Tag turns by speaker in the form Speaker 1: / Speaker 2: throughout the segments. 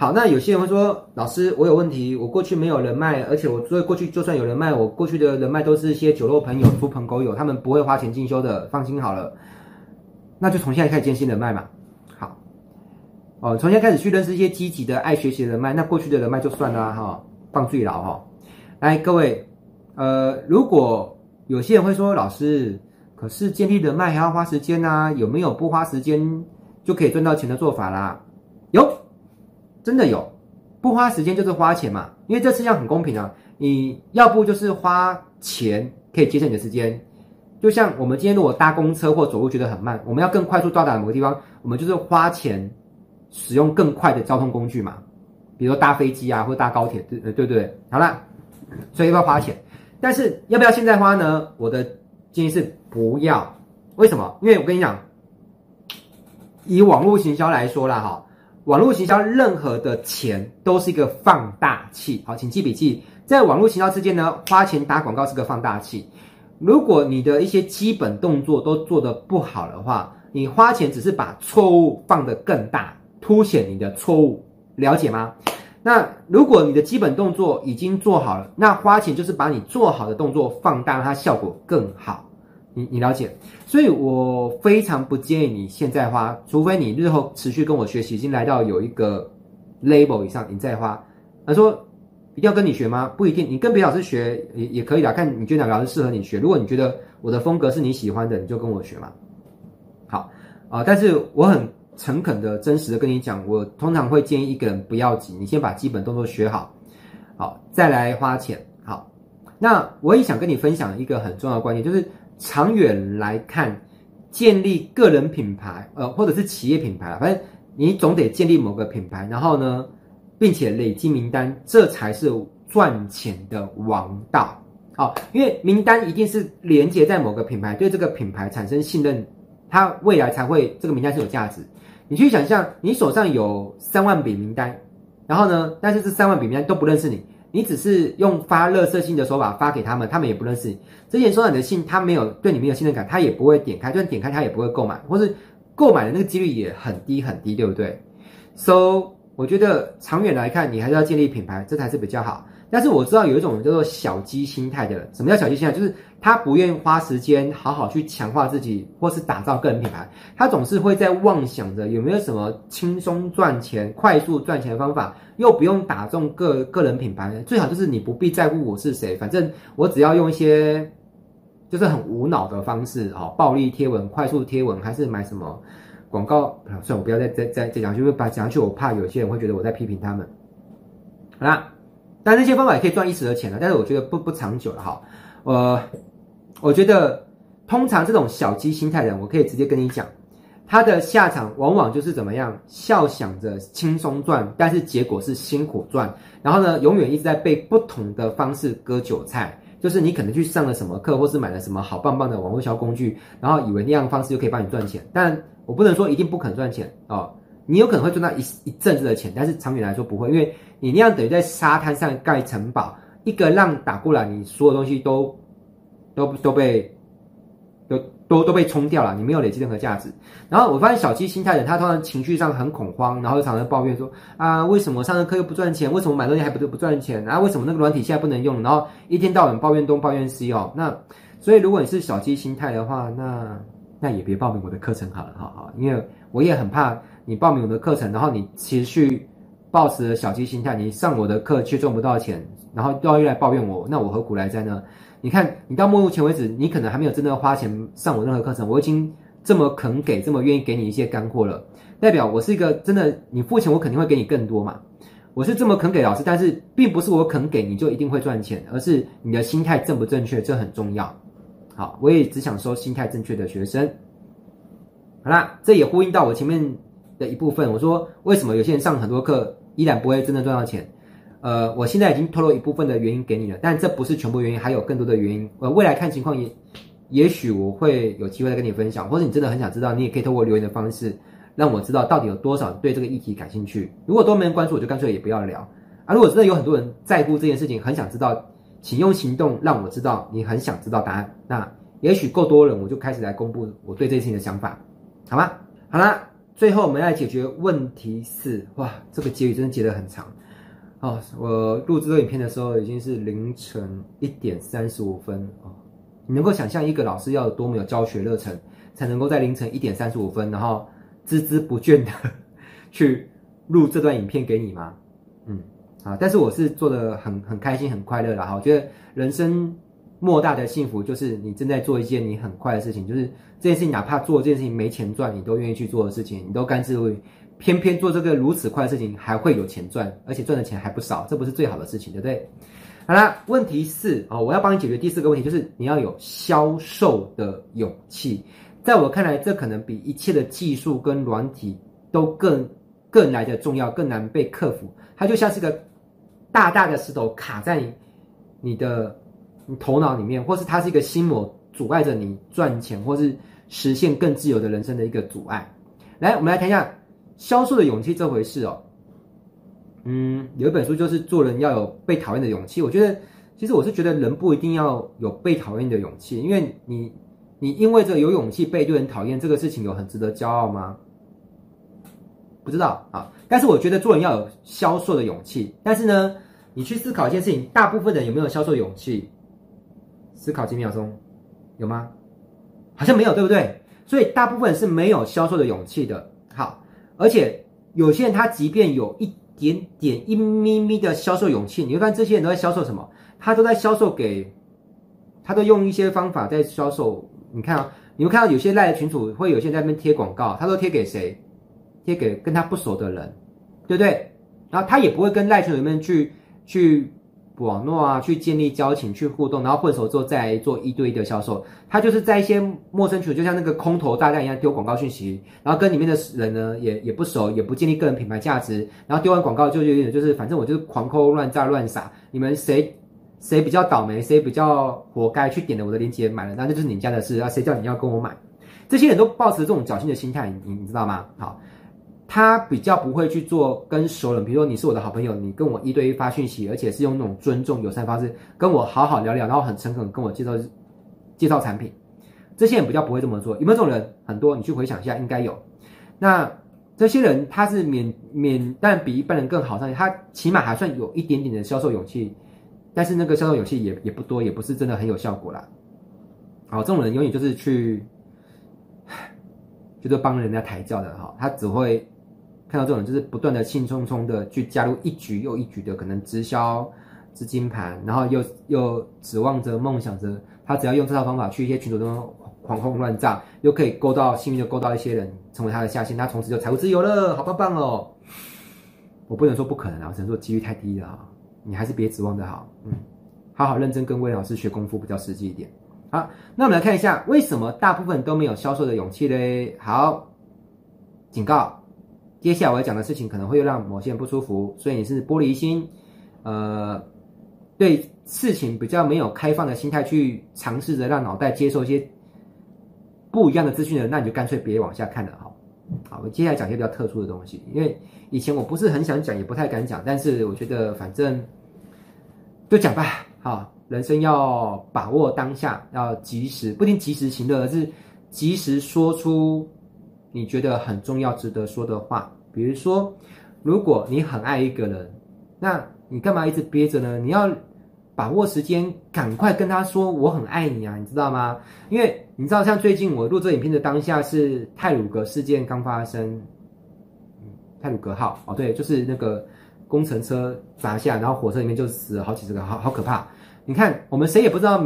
Speaker 1: 好，那有些人會說，老師，我有問題，我過去沒有人脈，而且我作為過去就算有人脈，我過去的人脈都是一些酒肉朋友、狐朋狗友，他們不會花錢進修的。放心好了，那就從現在開始建立人脈嘛。好，哦、呃，從現在開始去認識一些積極的、愛學習的人脈，那過去的人脈就算啦、啊，哈，放最牢。哈。來，各位，呃，如果有些人會說，老師，可是建立人脈還要花時間啊，有沒有不花時間就可以賺到錢的做法啦？真的有，不花時間就是花錢嘛，因為這次這樣很公平啊。你要不就是花錢可以節省你的時間，就像我們今天如果搭公車或走路覺得很慢，我們要更快速到達某個地方，我們就是花錢使用更快的交通工具嘛，比如說搭飛機啊或搭高鐵，對對對，好啦，所以要不要花錢，但是要不要現在花呢？我的建議是不要，為什麼？因為我跟你講，以網絡行銷來說啦，哈。網絡行銷任何的錢都是一個放大器，好，請記筆記。在網絡行銷之間呢，花錢打廣告是個放大器。如果你的一些基本動作都做得不好的話，你花錢只是把錯誤放得更大，凸顯你的錯誤，了解嗎？那如果你的基本動作已經做好了，那花錢就是把你做好的動作放大，讓它效果更好。你你了解，所以我非常不建議你現在花，除非你日後持續跟我學習，已經來到有一個 label 以上，你再花。那說一定要跟你學嗎？不一定，你跟別老師學也也可以啦。看你覺得哪個老師適合你學。如果你覺得我的風格是你喜歡的，你就跟我學嘛。好啊，呃，但是我很誠懇的、真實的跟你講，我通常會建議一個人不要急，你先把基本動作學好，好再來花錢。好，那我也想跟你分享一個很重要的觀念，就是。長遠來看，建立個人品牌，呃，或者是企業品牌，反正你總得建立某個品牌，然後呢，並且累積名單，這才是賺錢的王道。好、哦、因為名單一定是連接在某個品牌，對這個品牌產生信任，它未來才會，這個名單是有價值。你去想象，你手上有三萬筆名單，然後呢，但是這三萬筆名單都不認識你。你只是用發垃圾信的手法發給他們，他們也不認識你。之前收到你的信，他沒有對你沒有信任感，他也不會點開，就算點開他也不會購買，或是購買的那個幾率也很低很低，對不對？So 我覺得長遠來看，你還是要建立品牌，這才是比較好。但是我知道有一種叫做小雞心態的人，什麼叫小雞心態？就是他不願意花時間好好去強化自己，或是打造個人品牌。他總是會在妄想着有沒有什麼輕鬆賺錢、快速賺錢的方法，又不用打中個個人品牌。最好就是你不必在乎我是誰，反正我只要用一些就是很無腦的方式，哦，暴力貼文、快速貼文，還是買什麼廣告，算我不要再再再再講下去，因為把講下去，我怕有些人會覺得我在批評他們。好啦。但那些方法也可以賺一時的錢了啊，但是我覺得不不長久了哈。呃，我覺得通常這種小雞心態的人，我可以直接跟你講，他的下場往往就是怎麼樣，笑想着輕鬆賺，但是結果是辛苦賺，然後呢，永遠一直在被不同的方式割韭菜。就是你可能去上了什麼課，或是買了什麼好棒棒的網絡營銷工具，然後以為那樣的方式就可以幫你賺錢，但我不能說一定不肯賺錢啊。呃你有可能會賺到一一陣子的錢，但是長遠來說不會，因為你那樣等於在沙灘上蓋城堡，一個浪打過來，你所有東西都都都被都都都被沖掉了，你沒有累積任何價值。然後我發現小雞心態的人，他通常情緒上很恐慌，然後就常常抱怨說啊，為什麼上個課又不賺錢？為什麼買東西還不不賺錢？然後、啊、為什麼那個軟體現在不能用？然後一天到晚抱怨東抱怨西哦。那所以如果你是小雞心態的話，那那也別報名我的課程好了，好好，因為我也很怕。你報名我的課程，然後你持續抱持小雞心態，你上我的課卻賺不到錢，然後又來抱怨我，那我何苦來哉呢？你看，你到目前為止，你可能還沒有真的花錢上我任何課程，我已經這麼肯給，這麼願意給你一些乾貨了，代表我是一個真的，你付錢，我肯定會給你更多嘛。我是這麼肯給老師，但是並不是我肯給你就一定會賺錢，而是你的心態正不正確，這很重要。好，我也只想收心態正確的學生。好啦，這也呼應到我前面。的一部分，我說為什麼有些人上很多課依然不會真的賺到錢？呃，我現在已經透露一部分的原因給你了，但這不是全部原因，還有更多的原因。呃，未來看情況也也許我會有機會來跟你分享，或者你真的很想知道，你也可以通過留言的方式讓我知道到底有多少人對這個議題感興趣。如果都沒人關注，我就乾脆也不要聊啊。如果真的有很多人在乎這件事情，很想知道，請用行動讓我知道你很想知道答案。那也許夠多人，我就開始來公布我對這件事情的想法，好嗎？好啦。最後我們要來解決問題是哇，這個結語真的結得很長哦、喔。我錄製這段影片的時候已經是凌晨一點三十五分喔，你能夠想象一個老師要有多麼有教學熱忱，才能夠在凌晨一點三十五分，然後孜孜不倦的 去錄這段影片給你嗎？嗯，啊，但是我是做的很很開心、很快樂的哈，我覺得人生。莫大的幸福就是你正在做一件你很快的事情，就是這件事情哪怕做這件事情沒錢賺，你都願意去做的事情，你都甘之如飴。偏偏做這個如此快的事情還會有錢賺，而且賺的錢還不少，這不是最好的事情，對不對？好、啊、了，問題四哦，我要幫你解決第四個問題，就是你要有銷售的勇氣。在我看來，這可能比一切的技術跟軟體都更更來的重要，更難被克服。它就像是個大大的石頭卡在你的。你頭腦裡面，或是它是一個心魔，阻礙着你賺錢，或是實現更自由的人生的一個阻礙。來，我們來談一下銷售的勇氣這回事哦。嗯，有一本書就是做人要有被討厭的勇氣。我覺得，其實我是覺得人不一定要有被討厭的勇氣，因為你，你因為這個有勇氣被對人討厭這個事情，有很值得驕傲嗎？不知道啊。但是我覺得做人要有銷售的勇氣。但是呢，你去思考一件事情，大部分人有沒有銷售勇氣？思考幾秒鐘，有嗎？好像沒有，對不對？所以大部分是沒有銷售的勇氣的。好，而且有些人他即便有一點點一咪咪的銷售勇氣，你們看這些人都在銷售什麼？他都在銷售給，他都用一些方法在銷售。你看啊，你們看到有些 LINE 群組會有些在那邊貼廣告，他都貼給誰？貼給跟他不熟的人，對不對？然後他也不會跟 LINE 群組裡面去去。網絡啊，去建立交情，去互動，然後混熟之後再做一對一的銷售。他就是在一些陌生群，就像那個空投大量一樣丟廣告訊息，然後跟裡面的人呢也也不熟，也不建立個人品牌價值，然後丟完廣告就有點就是反正我就是狂摳亂炸亂撒，你們誰誰比較倒霉，誰比較活該去點了我的鏈接買了，那這就是你家的事啊，誰叫你要跟我買？這些人都抱持這種僥幸的心態，你你知道嗎？好。他比較不會去做跟熟人，比如說你是我的好朋友，你跟我一對一發訊息，而且是用那種尊重友善方式跟我好好聊聊，然後很誠懇跟我介紹介紹產品。這些人比較不會這麼做，有沒有這種人？很多，你去回想一下，應該有。那這些人他是免免，但比一般人更好上去，上他起碼還算有一點點的銷售勇氣，但是那個銷售勇氣也也不多，也不是真的很有效果啦。好，這種人永遠就是去，就是幫人家抬轎的哈，他只會。看到這種人就是不斷的興沖沖的去加入一局又一局的可能直銷資金盤，然後又又指望着夢想着他只要用這套方法去一些群組中狂轟亂炸，又可以勾到幸運的勾到一些人成為他的下線，他從此就財務自由了，好棒棒哦！我不能說不可能啊，我只能說幾率太低了啊，你還是別指望的好，嗯，好好認真跟威廉老師學功夫比較實際一點。好，那我們來看一下為什麼大部分都沒有銷售的勇氣嘞？好，警告，接下來我要講的事情可能會讓某些人不舒服，所以你是玻璃心，呃，對事情比較沒有開放的心態去嘗試着讓腦袋接受一些不一樣的資訊的，那你就乾脆別往下看了。好好，我接下來講些比較特殊的東西，因為以前我不是很想講，也不太敢講，但是我覺得反正就講吧。好，人生要把握當下，要及時，不僅及時行樂，而是及時說出你覺得很重要、值得說的話。比如說，如果你很愛一個人，那你幹嘛一直憋着呢？你要把握時間，趕快跟他說“我很愛你”啊，你知道嗎？因為你知道，像最近我錄這影片的當下，是太魯閣事件剛發生，太魯閣號哦，對，就是那個工程車砸下，然後火車裡面就死了好幾十個，好好可怕。你看，我們誰也不知道，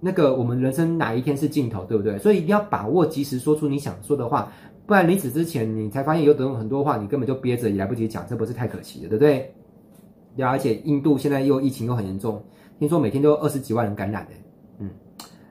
Speaker 1: 那個我們人生哪一天是盡頭，對不對？所以一定要把握，及時說出你想說的話。不然，臨死之前你才發現有等很多話，你根本就憋着也來不及講，這不是太可惜了，對不對？呀，而且印度現在又疫情又很嚴重，聽說每天都二十幾萬人感染的，嗯。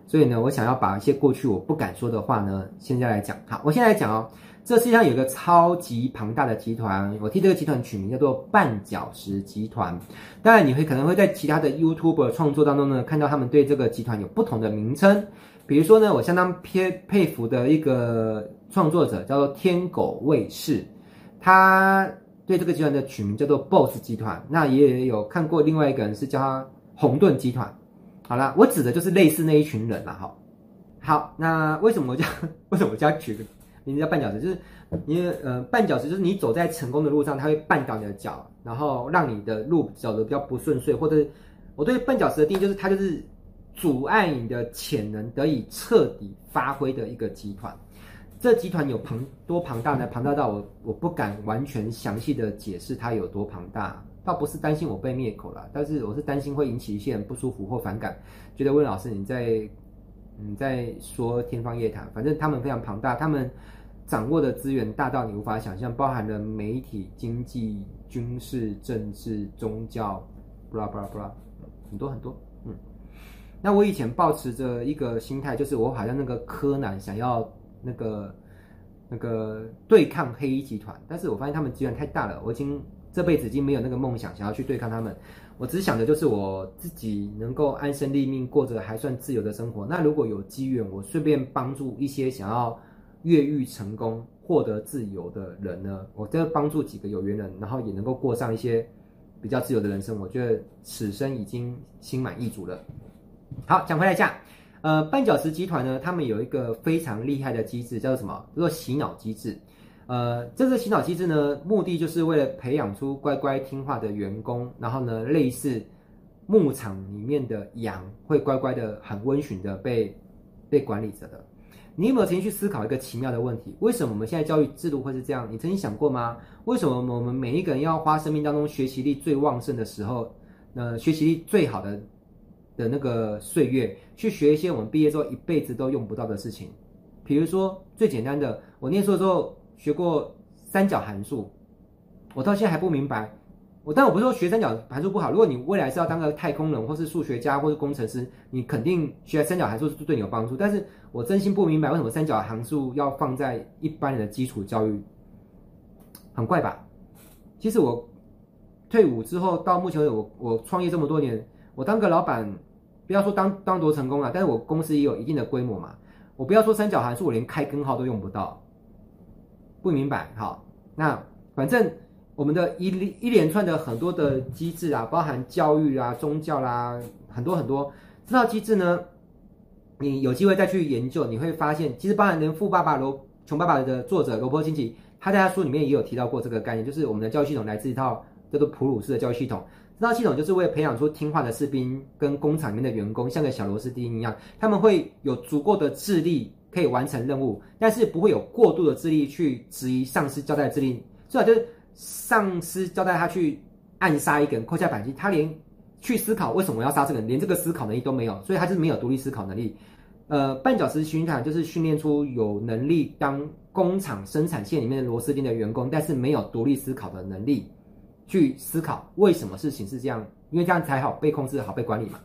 Speaker 1: 所以呢，我想要把一些過去我不敢說的話呢，現在來講。好，我現在來講哦，這世界上有一個超級龐大的集團，我替這個集團取名叫做“絆腳石集團”。當然，你會可能會在其他的 YouTube 創作當中呢，看到他們對這個集團有不同的名稱，比如說呢，我相當偏佩，佩服的一個。創作者叫做天狗衛士，他對這個集團的取名叫做 BOSS 集團。那也有看過另外一個人是叫他紅盾集團。好啦，我指的就是類似那一群人嘛，哈。好，那為什麼我叫為什麼我叫取個名字叫絆腳石？就是因為呃，絆腳石就是你走在成功的路上，他會絆倒你的腳，然後讓你的路走得比較不順遂。或者我對絆腳石的定義就是，它就是阻礙你的潛能得以徹底發揮的一個集團。這集團有多龐大呢？龐大到我我不敢完全詳細的解釋它有多龐大，倒不是擔心我被滅口了，但是我是擔心會引起一些人不舒服或反感，覺得魏老師你在你在說天方夜譚。反正他們非常龐大，他們掌握的資源大到你無法想象。包含了媒體、經濟、軍事、政治、宗教，布拉布拉布拉，很多很多。嗯，那我以前抱持着一個心態，就是我好像那個柯南想要。那個、那個對抗黑衣集團，但是我發現他們集團太大了，我已經這輩子已經沒有那個夢想，想要去對抗他們。我只想的就是我自己能夠安身立命，過着還算自由的生活。那如果有機緣，我順便幫助一些想要越獄成功、獲得自由的人呢？我再幫助幾個有緣人，然後也能夠過上一些比較自由的人生。我覺得此生已經心滿意足了。好，講回來一下。呃，絆腳石集團呢，他們有一個非常厲害的機制，叫做什麼？叫做洗腦機制。呃，這個洗腦機制呢，目的就是為了培養出乖乖聽話的員工，然後呢，類似牧場裡面的羊，會乖乖的、很溫馴的被被管理着的。你有沒有曾經去思考一個奇妙的問題？為什麼我們現在教育制度會是這樣？你曾經想過嗎？為什麼我們每一個人要花生命當中學習力最旺盛的時候，呃，學習力最好的？的那個歲月，去學一些我們畢業之後一輩子都用不到的事情，比如說最簡單的，我念書的時候學過三角函數，我到現在還不明白。我，但我不是說學三角函數不好。如果你未來是要當個太空人，或是數學家，或是工程師，你肯定學三角函數是對你有幫助。但是我真心不明白為什麼三角函數要放在一般人的基礎教育，很怪吧？其實我退伍之後到目前我，我我創業這麼多年。我當個老板，不要說當當多成功啊，但是我公司也有一定的規模嘛。我不要說三角函數，我連開根號都用不到，不明白哈。那反正我們的一一連串的很多的機制啊，包含教育啊、宗教啦、啊，很多很多這套機制呢，你有機會再去研究，你會發現，其實包含連《富爸爸》羅《窮爸爸》的作者羅伯特·清崎，他在他書裡面也有提到過這個概念，就是我們的教育系統來自一套叫做普魯士的教育系統。這套系統就是為了培養出聽話的士兵，跟工廠裡面的員工，像個小螺絲釘一樣，他們會有足夠的智力可以完成任務，但是不會有過度的智力去質疑上司交代的指令。最好就是上司交代他去暗殺一個人，扣下扳機，他連去思考為什麼要殺這個人，連這個思考能力都沒有，所以他是沒有獨立思考能力。呃，絆腳石巡練就是訓練出有能力當工廠生產線裡面的螺絲釘的員工，但是沒有獨立思考的能力。去思考為什麼事情是這樣，因為這樣才好被控制好被管理嘛。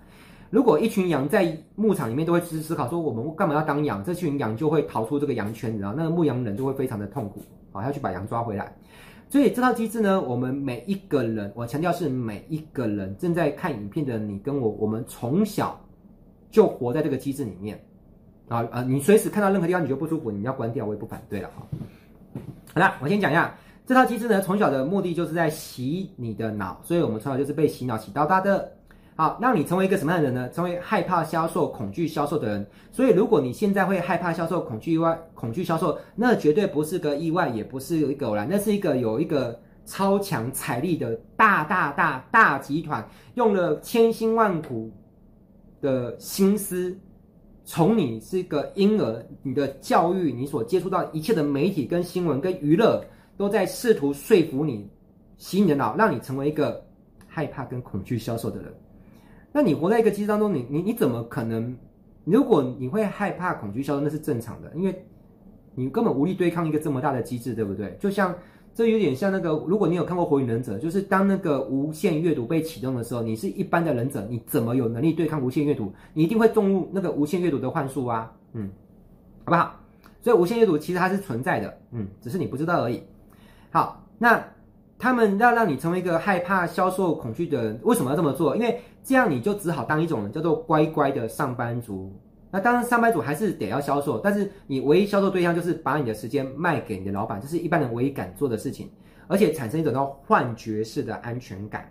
Speaker 1: 如果一群羊在牧場裡面都會思思考說我們干嘛要當羊，這群羊就會逃出這個羊圈，然後那個牧羊人就會非常的痛苦啊，要去把羊抓回來。所以這套機制呢，我們每一個人，我強調是每一個人正在看影片的你跟我，我們從小就活在這個機制裡面啊啊！你隨時看到任何地方你就不舒服，你要關掉，我也不反對了哈。好了，我先講一下。這套機制呢，從小的目的就是在洗你的腦，所以我們從小就是被洗腦洗到大的，好，讓你成為一個什麼樣的人呢？成為害怕銷售、恐懼銷售的人。所以，如果你現在會害怕銷售、恐懼意外、恐懼銷售，那絕對不是個意外，也不是一個偶然，那是一個有一個超強財力的大大大大集團用了千辛萬苦的心思，從你是一個嬰兒你的教育，你所接觸到一切的媒體跟新聞跟娛樂。都在試圖說服你，洗你的腦，讓你成為一個害怕跟恐懼銷售的人。那你活在一個機制當中，你你你怎麼可能？如果你會害怕、恐懼銷售，那是正常的，因為你根本無力對抗一個這麼大的機制，對不對？就像這有點像那個，如果你有看過《火影忍者》，就是當那個無限月讀被啟動的時候，你是一般的忍者，你怎麼有能力對抗無限月讀？你一定會中入那個無限月讀的幻術啊，嗯，好不好？所以無限月讀其實它是存在的，嗯，只是你不知道而已。好，那他們要讓你成為一個害怕銷售恐懼的人，為什麼要這麼做？因為這樣你就只好當一種人，叫做乖乖的上班族。那當然，上班族還是得要銷售，但是你唯一銷售對象就是把你的時間賣給你的老闆，這，就是一般人唯一敢做的事情，而且產生一種叫幻覺式的安全感。